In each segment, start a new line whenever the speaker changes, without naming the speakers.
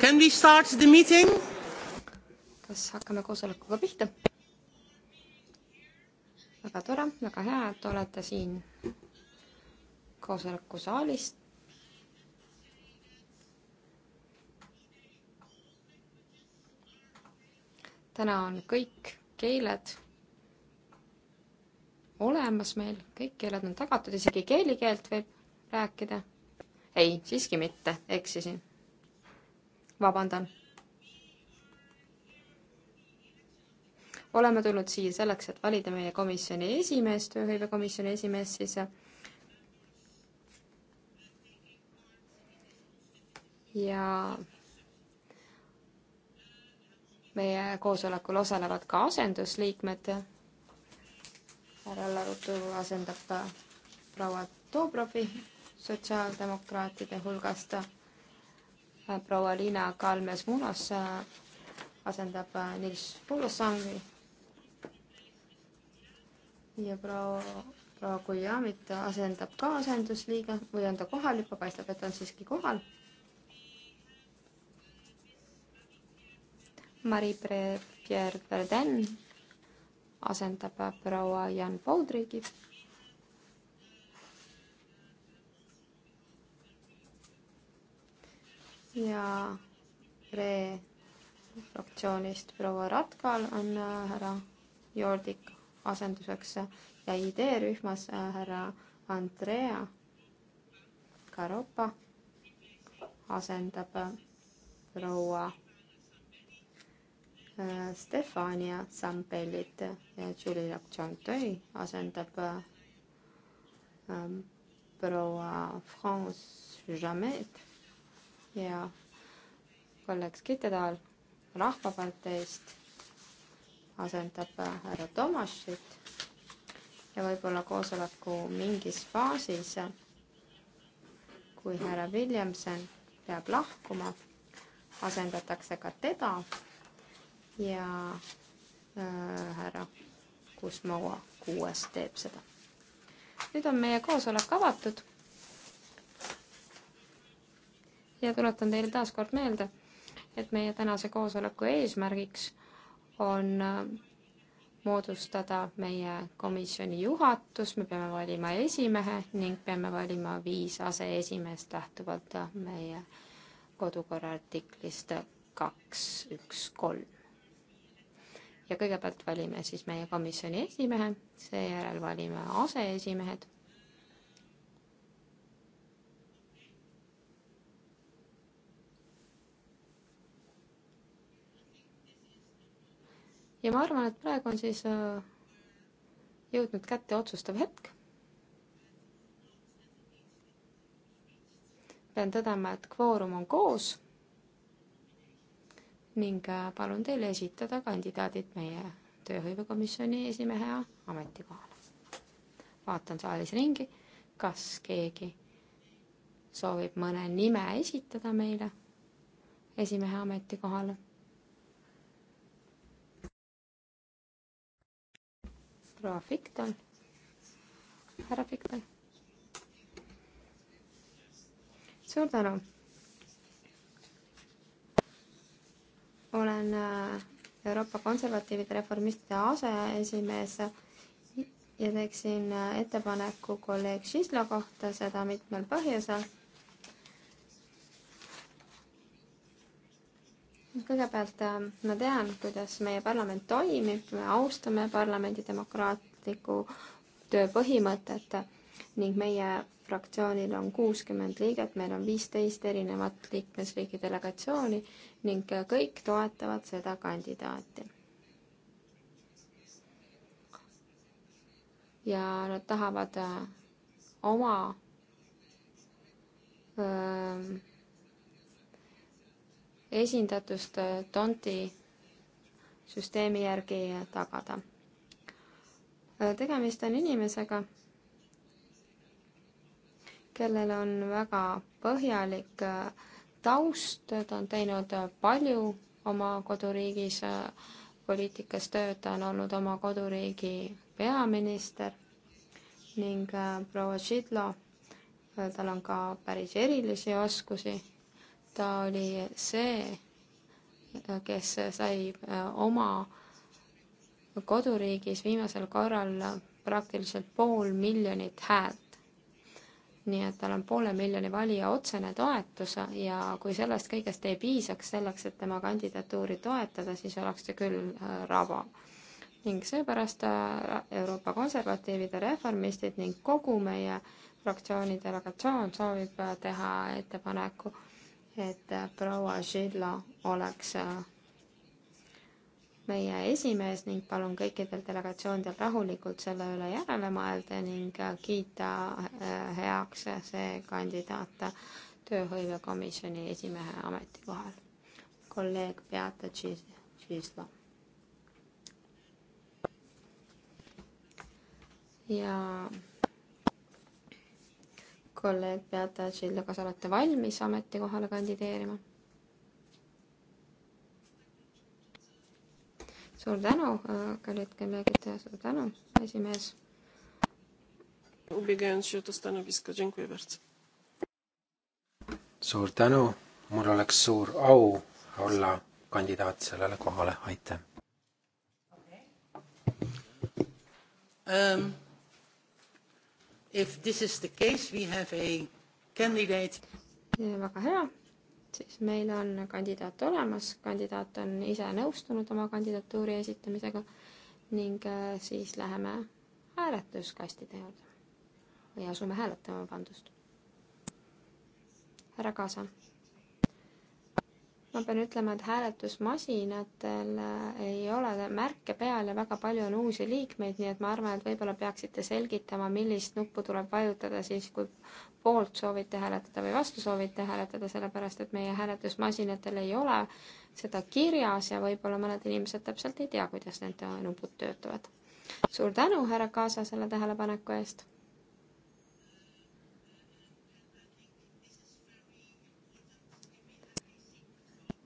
Can we start the meeting?
kas hakkame koosolekuga pihta? väga tore, väga hea, et olete siin koosoleku saalis. täna on kõik keeled olemas meil, kõik keeled on tagatud, isegi keelikeelt võib rääkida. ei, siiski mitte, eksisin vabandan. oleme tulnud siia selleks, et valida meie komisjoni esimees, tööhõivekomisjoni esimees siis. ja meie koosolekul osalevad ka asendusliikmed. härra Larutu asendab äh, proua Dobrovi sotsiaaldemokraatide hulgast proua Liina Kalmes Munos äh, asendab äh, Nils Pullosangi ja proua proua Kujamit asendab ka asendusliige või on ta kohal juba, paistab, et on siiski kohal. Marie-Pierre Verden asendab äh, proua Jan Poudrigi ja Re fraktsioonist proua Ratkal on äh, härra Jordik asenduseks ja ID-rühmas äh, härra Andrea Karopa asendab äh, proua Stefania Zambellit ja Julia Chantoi asendab ähm, proua France Jamet ja kolleeg Skitedal Rahvaparteist asendab äh, härra Tomasit ja võib-olla koosoleku mingis faasis, kui härra Williamson peab lahkuma, asendatakse ka teda ja äh, härra Kusmova kuues teeb seda. nüüd on meie koosolek avatud ja tuletan teile taas kord meelde, et meie tänase koosoleku eesmärgiks on äh, moodustada meie komisjoni juhatus, me peame valima esimehe ning peame valima viis aseesimeest lähtuvalt äh, meie kodukorra artiklist kaks, üks, kolm. ja kõigepealt valime siis meie komisjoni esimehe, seejärel valime aseesimehed ja ma arvan, et praegu on siis äh, jõudnud kätte otsustav hetk. pean tõdema, et kvoorum on koos ning äh, palun teil esitada kandidaadid meie tööhõivekomisjoni esimehe ametikohale. vaatan saalis ringi, kas keegi soovib mõne nime esitada meile esimehe ametikohale proua Fikton, härra Fikton. suur tänu. olen äh, Euroopa Konservatiivide Reformistide aseesimees ja teeksin äh, ettepaneku kolleeg Sisla kohta, seda mitmel põhjusel kõigepealt äh, ma tean, kuidas meie parlament toimib, me austame parlamendi demokraatlikku töö põhimõtet ning meie fraktsioonil on kuuskümmend liiget, meil on viisteist erinevat liikmesriigi delegatsiooni ning kõik toetavad seda kandidaati. ja nad tahavad äh, oma öö, esindatust äh, Tonti süsteemi järgi tagada. Äh, tegemist on inimesega, kellel on väga põhjalik äh, taust, ta on teinud palju oma koduriigis poliitikas tööd, ta on olnud oma koduriigi peaminister ning proua Šidlo, tal on ka päris erilisi oskusi ta oli see, kes sai äh, oma koduriigis viimasel korral praktiliselt pool miljonit häält. nii et tal on poole miljoni valija otsene toetus ja kui sellest kõigest ei piisaks selleks, et tema kandidatuuri toetada, siis oleks see küll äh, rava. ning seepärast äh, Euroopa konservatiivid ja reformistid ning kogu meie fraktsiooni delegatsioon soovib teha ettepaneku et äh, proua Žilla oleks äh, meie esimees ning palun kõikidel delegatsioonidel rahulikult selle üle järele mõelda ning äh, kiita heaks see kandidaat tööhõivekomisjoni esimehe ametikohal. kolleeg Beata Tšiisla. ja kolleeg Beata Tšillo, kas olete valmis ametikohale kandideerima? suur tänu, äh, kallid kolleegid, suur tänu, esimees.
suur tänu, mul oleks suur au olla kandidaat sellele kohale, aitäh okay.. Um ähm, If this is the case, we have a candidate.
väga hea, siis meil on kandidaat olemas, kandidaat on ise nõustunud oma kandidatuuri esitamisega ning äh, siis läheme hääletuskastide juurde või asume hääletama, vabandust. härra Kaasa ma pean ütlema, et hääletusmasinatel äh, ei ole märke peal ja väga palju on uusi liikmeid, nii et ma arvan, et võib-olla peaksite selgitama, millist nuppu tuleb vajutada siis, kui poolt soovite hääletada või vastu soovite hääletada, sellepärast et meie hääletusmasinatel ei ole seda kirjas ja võib-olla mõned inimesed täpselt ei tea, kuidas nende nupud töötavad. suur tänu, härra Kaasa, selle tähelepaneku eest!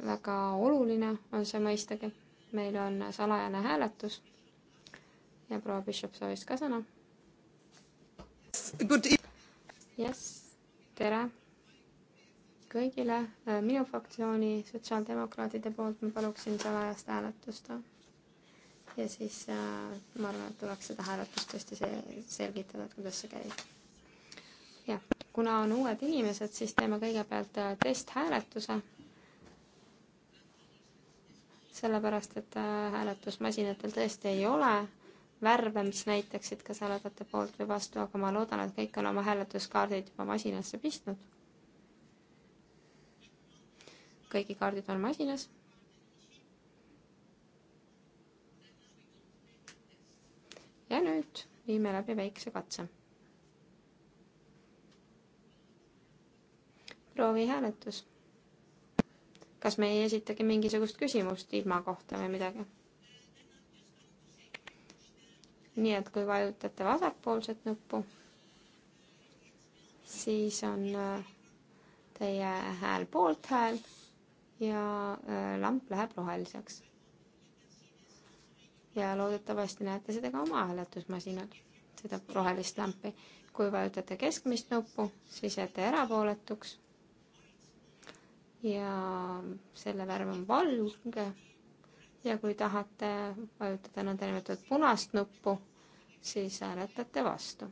väga oluline on see mõistagi. meil on salajane hääletus ja proua Bishop soovis ka sõna. jess, e- tere kõigile. Äh, minu fraktsiooni sotsiaaldemokraatide poolt ma paluksin salajast hääletust. ja siis äh, ma arvan, et tuleks seda hääletust tõesti selgitada, et kuidas see käib. jah, kuna on uued inimesed, siis teeme kõigepealt äh, testhääletuse sellepärast et äh, hääletusmasinatel tõesti ei ole värve, mis näitaksid, kas hääletate poolt või vastu, aga ma loodan, et kõik on oma hääletuskaardid juba masinasse pistnud. kõigi kaardid on masinas. ja nüüd viime läbi väikse katse. proovihääletus kas me ei esitagi mingisugust küsimust ilma kohta või midagi? nii et kui vajutate vasakpoolset nuppu, siis on äh, teie hääl poolthääl ja äh, lamp läheb roheliseks. ja loodetavasti näete seda ka oma hääletusmasinal, seda rohelist lampi. kui vajutate keskmist nuppu, siis jääte erapooletuks ja selle värv on valge. ja kui tahate vajutada nõndanimetatud punast nuppu, siis hääletate vastu.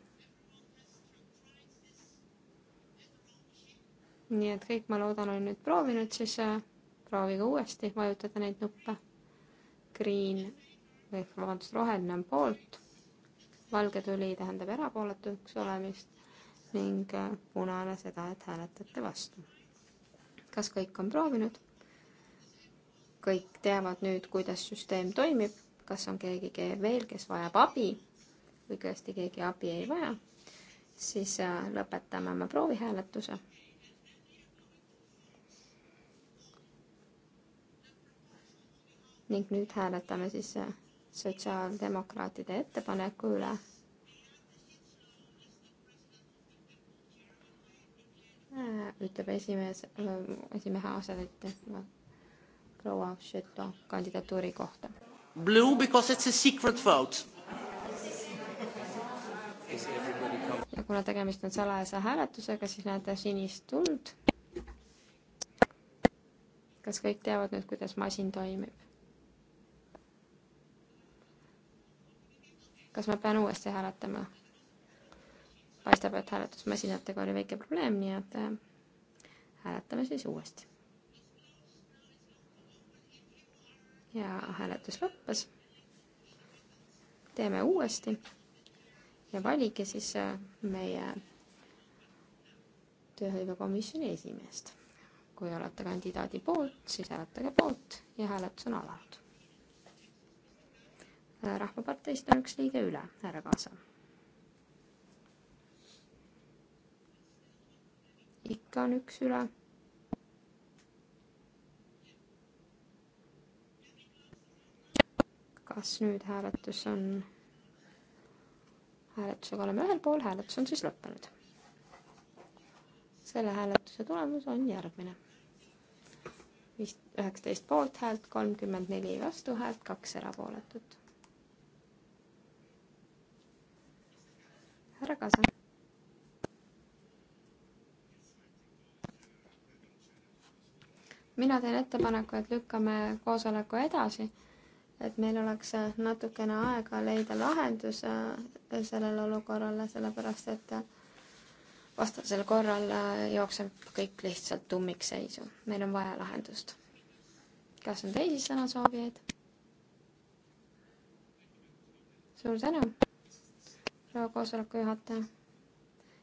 nii et kõik, ma loodan, on nüüd proovinud, siis äh, proovige uuesti vajutada neid nuppe. Green või vabandust, roheline on poolt, valge tuli tähendab erapooletuks olemist ning äh, punane seda, et hääletate vastu kas kõik on proovinud? kõik teavad nüüd, kuidas süsteem toimib, kas on keegi veel, kes vajab abi või tõesti keegi abi ei vaja, siis äh, lõpetame oma proovihääletuse. ning nüüd hääletame siis äh, sotsiaaldemokraatide ettepaneku üle ütleb esimees, äh, esimehe asetäitja proua Šeto kandidatuuri kohta. Blue because it's a secret vote. ja kuna tegemist on salajase hääletusega, siis näete sinist tuld. kas kõik teavad nüüd, kuidas masin toimib? kas ma pean uuesti hääletama? paistab, et hääletusmasinatega oli väike probleem, nii et äh, hääletame siis uuesti. ja hääletus lõppes. teeme uuesti ja valige siis äh, meie tööhõivekomisjoni esimeest. kui olete kandidaadi poolt, siis hääletage poolt ja hääletus on alanud. rahvaparteist on üks liige üle, härra Kaasa ikka on üks üle. kas nüüd hääletus on, hääletusega oleme ühel pool, hääletus on siis lõppenud. selle hääletuse tulemus on järgmine. vist üheksateist poolthäält, kolmkümmend neli vastuhäält, kaks erapooletut. härra Kasa mina teen ettepaneku, et lükkame koosoleku edasi, et meil oleks äh, natukene aega leida lahendus äh, sellele olukorrale, sellepärast et äh, vastasel korral jookseb kõik lihtsalt ummikseisu. meil on vaja lahendust. kas on teisi sõnasoovijaid? suur tänu, proua koosoleku juhataja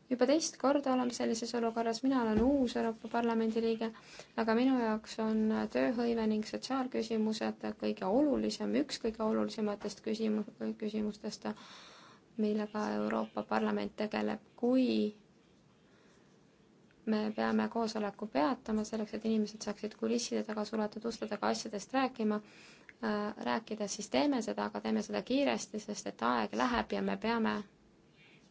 juba teist korda oleme sellises olukorras, mina olen uus Euroopa Parlamendi liige, aga minu jaoks on tööhõive ning sotsiaalküsimused kõige olulisem, üks kõige olulisematest küsimus, küsimustest, millega Euroopa Parlament tegeleb, kui me peame koosoleku peatama selleks, et inimesed saaksid kulisside taga suletud uste taga asjadest rääkima äh,, rääkida, siis teeme seda, aga teeme seda kiiresti, sest et aeg läheb ja me peame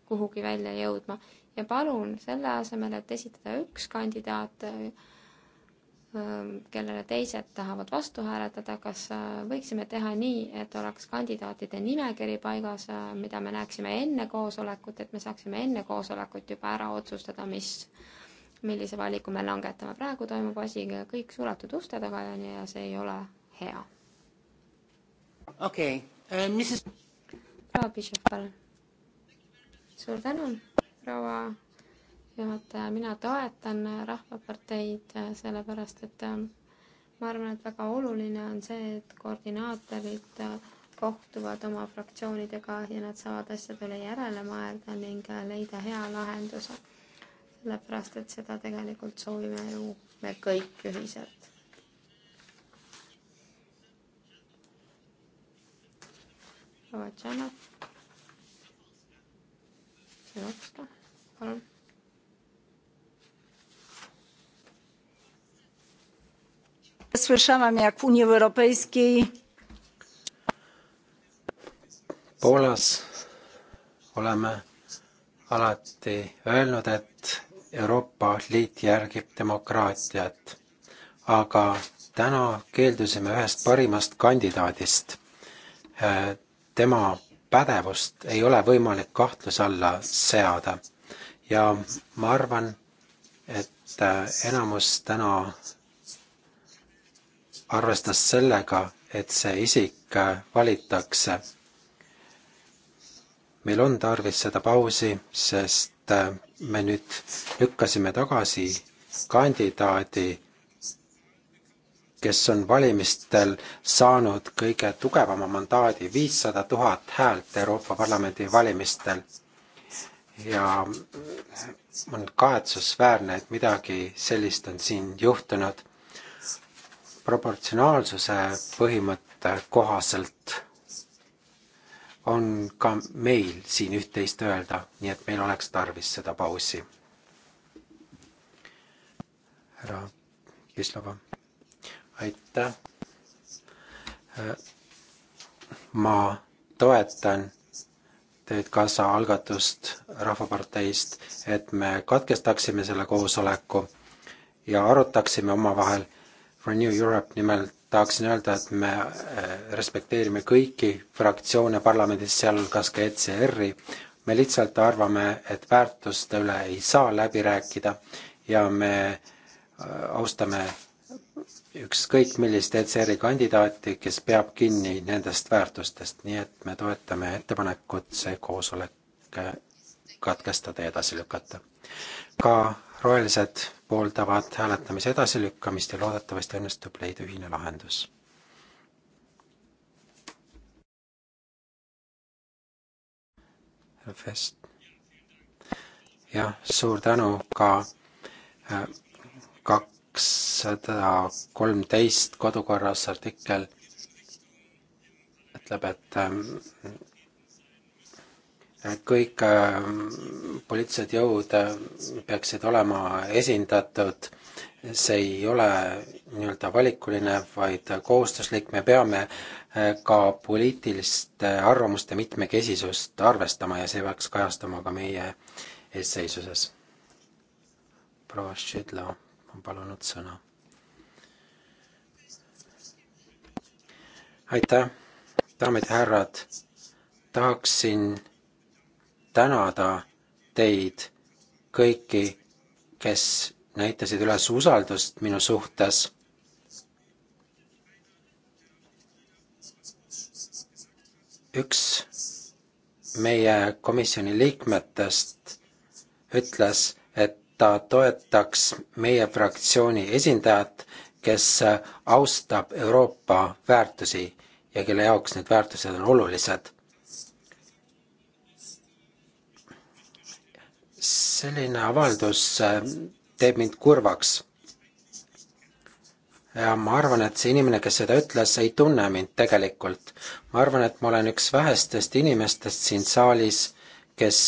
kuhugi välja jõudma ja palun selle asemel, et esitada üks kandidaat, ähm, kellele teised tahavad vastu hääletada, kas äh, võiksime teha nii, et oleks kandidaatide nimekiri paigas, äh, mida me näeksime enne koosolekut, et me saaksime enne koosolekut juba ära otsustada, mis, millise valiku me langetame. praegu toimub asi kõik suletud uste taga ja nii, ja see ei ole hea. okei okay. uh,, äh, mis siis? proua Pišov, palun. suur tänu proua juhataja, mina toetan Rahvaparteid, äh, sellepärast et äh, ma arvan, et väga oluline on see, et koordinaatorid äh, kohtuvad oma fraktsioonidega ja nad saavad asjadele järele mõelda ning leida hea lahenduse. sellepärast, et seda tegelikult soovime ju me kõik ühiselt. proua Tšanov ei maksta, palun. Słyszałam, jak w Unii Europejskiej.
Poolas oleme alati öelnud, et Euroopa Liit järgib demokraatiat, aga täna keeldusime ühest parimast kandidaadist. tema pädevust ei ole võimalik kahtluse alla seada ja ma arvan, et äh, enamus täna arvestas sellega, et see isik äh, valitakse. meil on tarvis seda pausi, sest äh, me nüüd lükkasime tagasi kandidaadi kes on valimistel saanud kõige tugevama mandaadi, viissada tuhat häält Euroopa Parlamendi valimistel. ja on kahetsusväärne, et midagi sellist on siin juhtunud. proportsionaalsuse põhimõtte kohaselt on ka meil siin üht-teist öelda, nii et meil oleks tarvis seda pausi. härra Kislova aitäh. ma toetan teid kaasa algatust Rahvaparteist, et me katkestaksime selle koosoleku ja arutaksime omavahel. Renew Europe nimel tahaksin öelda, et me eh, respekteerime kõiki fraktsioone parlamendis, sealhulgas ka ECR-i. me lihtsalt arvame, et väärtuste üle ei saa läbi rääkida ja me eh, austame ükskõik millist ECR-i kandidaati, kes peab kinni nendest väärtustest, nii et me toetame ettepanekut see koosolek äh, katkestada ja edasi lükata. ka rohelised pooldavad hääletamise edasilükkamist ja loodetavasti õnnestub leida ühine lahendus fest. jah, suur tänu ka äh, kakssada kolmteist kodukorras artikkel ütleb, et ähm, kõik ähm, poliitilised jõud ähm, peaksid olema esindatud, see ei ole nii-öelda valikuline, vaid kohustuslik, me peame äh, ka poliitiliste arvamuste mitmekesisust arvestama ja see peaks kajastuma ka meie eesseisuses. proua Šidlo on palunud sõna. aitäh, daamid ja härrad, tahaksin tänada teid kõiki, kes näitasid üles usaldust minu suhtes üks meie komisjoni liikmetest ütles, et ta toetaks meie fraktsiooni esindajat, kes austab Euroopa väärtusi ja kelle jaoks need väärtused on olulised. selline avaldus äh, teeb mind kurvaks. ja ma arvan, et see inimene, kes seda ütles, ei tunne mind tegelikult. ma arvan, et ma olen üks vähestest inimestest siin saalis, kes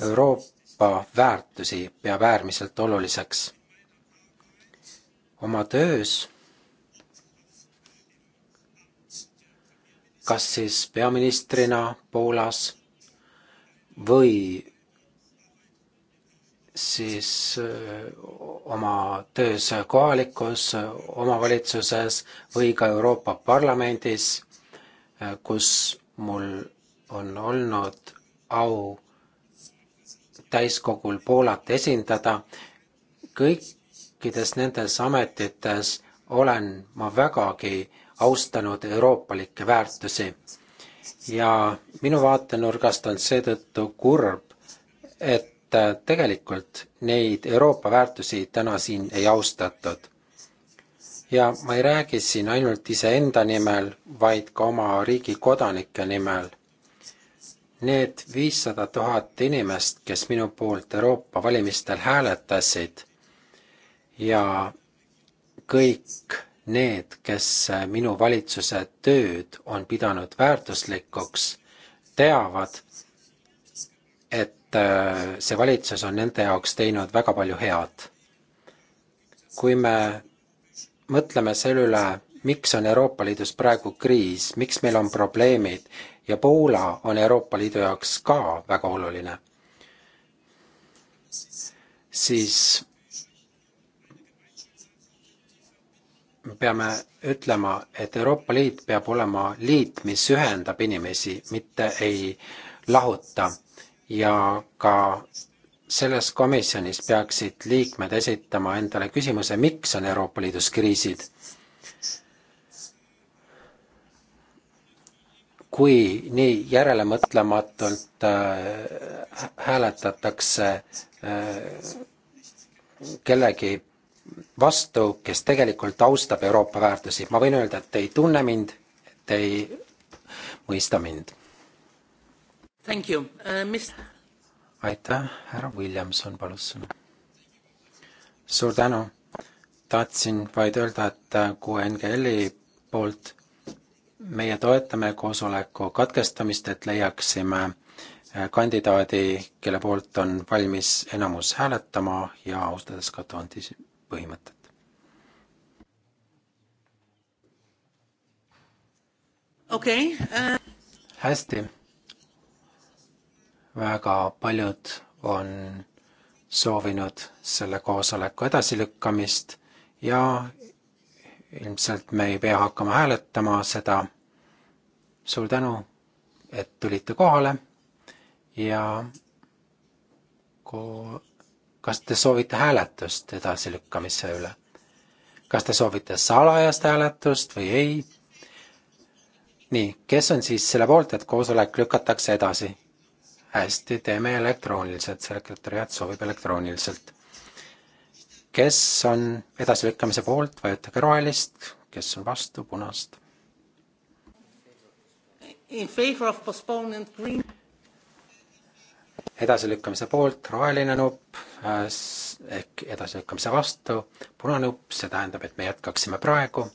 Euroopa Euroopa väärtusi peab äärmiselt oluliseks. oma töös kas siis peaministrina Poolas või siis äh, oma töös kohalikus äh, omavalitsuses või ka Euroopa Parlamendis, äh, kus mul on olnud au täiskogul Poolat esindada. kõikides nendes ametites olen ma vägagi austanud euroopalikke väärtusi ja minu vaatenurgast on seetõttu kurb, et tegelikult neid Euroopa väärtusi täna siin ei austatud. ja ma ei räägi siin ainult iseenda nimel, vaid ka oma riigi kodanike nimel Need viissada tuhat inimest, kes minu poolt Euroopa valimistel hääletasid ja kõik need, kes minu valitsuse tööd on pidanud väärtuslikuks, teavad, et äh, see valitsus on nende jaoks teinud väga palju head. kui me mõtleme selle üle, miks on Euroopa Liidus praegu kriis, miks meil on probleemid ja Poola on Euroopa Liidu jaoks ka väga oluline, siis me peame ütlema, et Euroopa Liit peab olema liit, mis ühendab inimesi, mitte ei lahuta ja ka selles komisjonis peaksid liikmed esitama endale küsimuse, miks on Euroopa Liidus kriisid. kui nii järelemõtlematult äh, hääletatakse äh, kellegi vastu, kes tegelikult austab Euroopa väärtusi. ma võin öelda, et te ei tunne mind, te ei mõista mind. Uh, mis... aitäh, härra Williamson palus sõna. suur tänu. tahtsin vaid öelda, et QNGL-i äh, poolt meie toetame koosoleku katkestamist, et leiaksime äh, kandidaadi, kelle poolt on valmis enamus hääletama ja austades ka Tonti põhimõtet. okei okay, uh.... Äh. hästi. väga paljud on soovinud selle koosoleku edasilükkamist ja ilmselt me ei pea hakkama hääletama seda. suur tänu, et tulite kohale ja ko-, kas te soovite hääletust edasilükkamise üle? kas te soovite salajast hääletust või ei? nii, kes on siis selle poolt, et koosolek lükatakse edasi? hästi, teeme elektrooniliselt, sekretäriat soovib elektrooniliselt kes on edasilükkamise poolt, vajutage rohelist, kes on vastu, punast. edasilükkamise poolt roheline nupp äh, ehk edasilükkamise vastu punane nupp, see tähendab, et me jätkaksime praegu.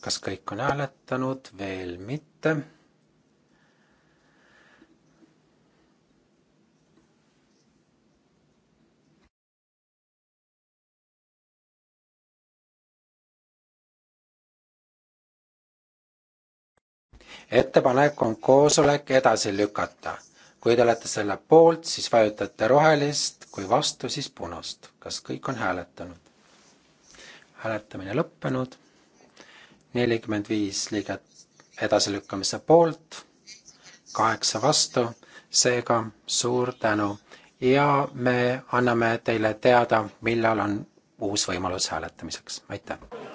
kas kõik on hääletanud? veel mitte
ettepanek on koosolek
edasi lükata. kui te olete selle poolt, siis vajutate rohelist, kui vastu, siis punast. kas kõik on hääletanud? hääletamine lõppenud. nelikümmend viis liiget edasilükkamise poolt, kaheksa vastu, seega suur tänu ja me anname teile teada, millal on uus võimalus hääletamiseks, aitäh!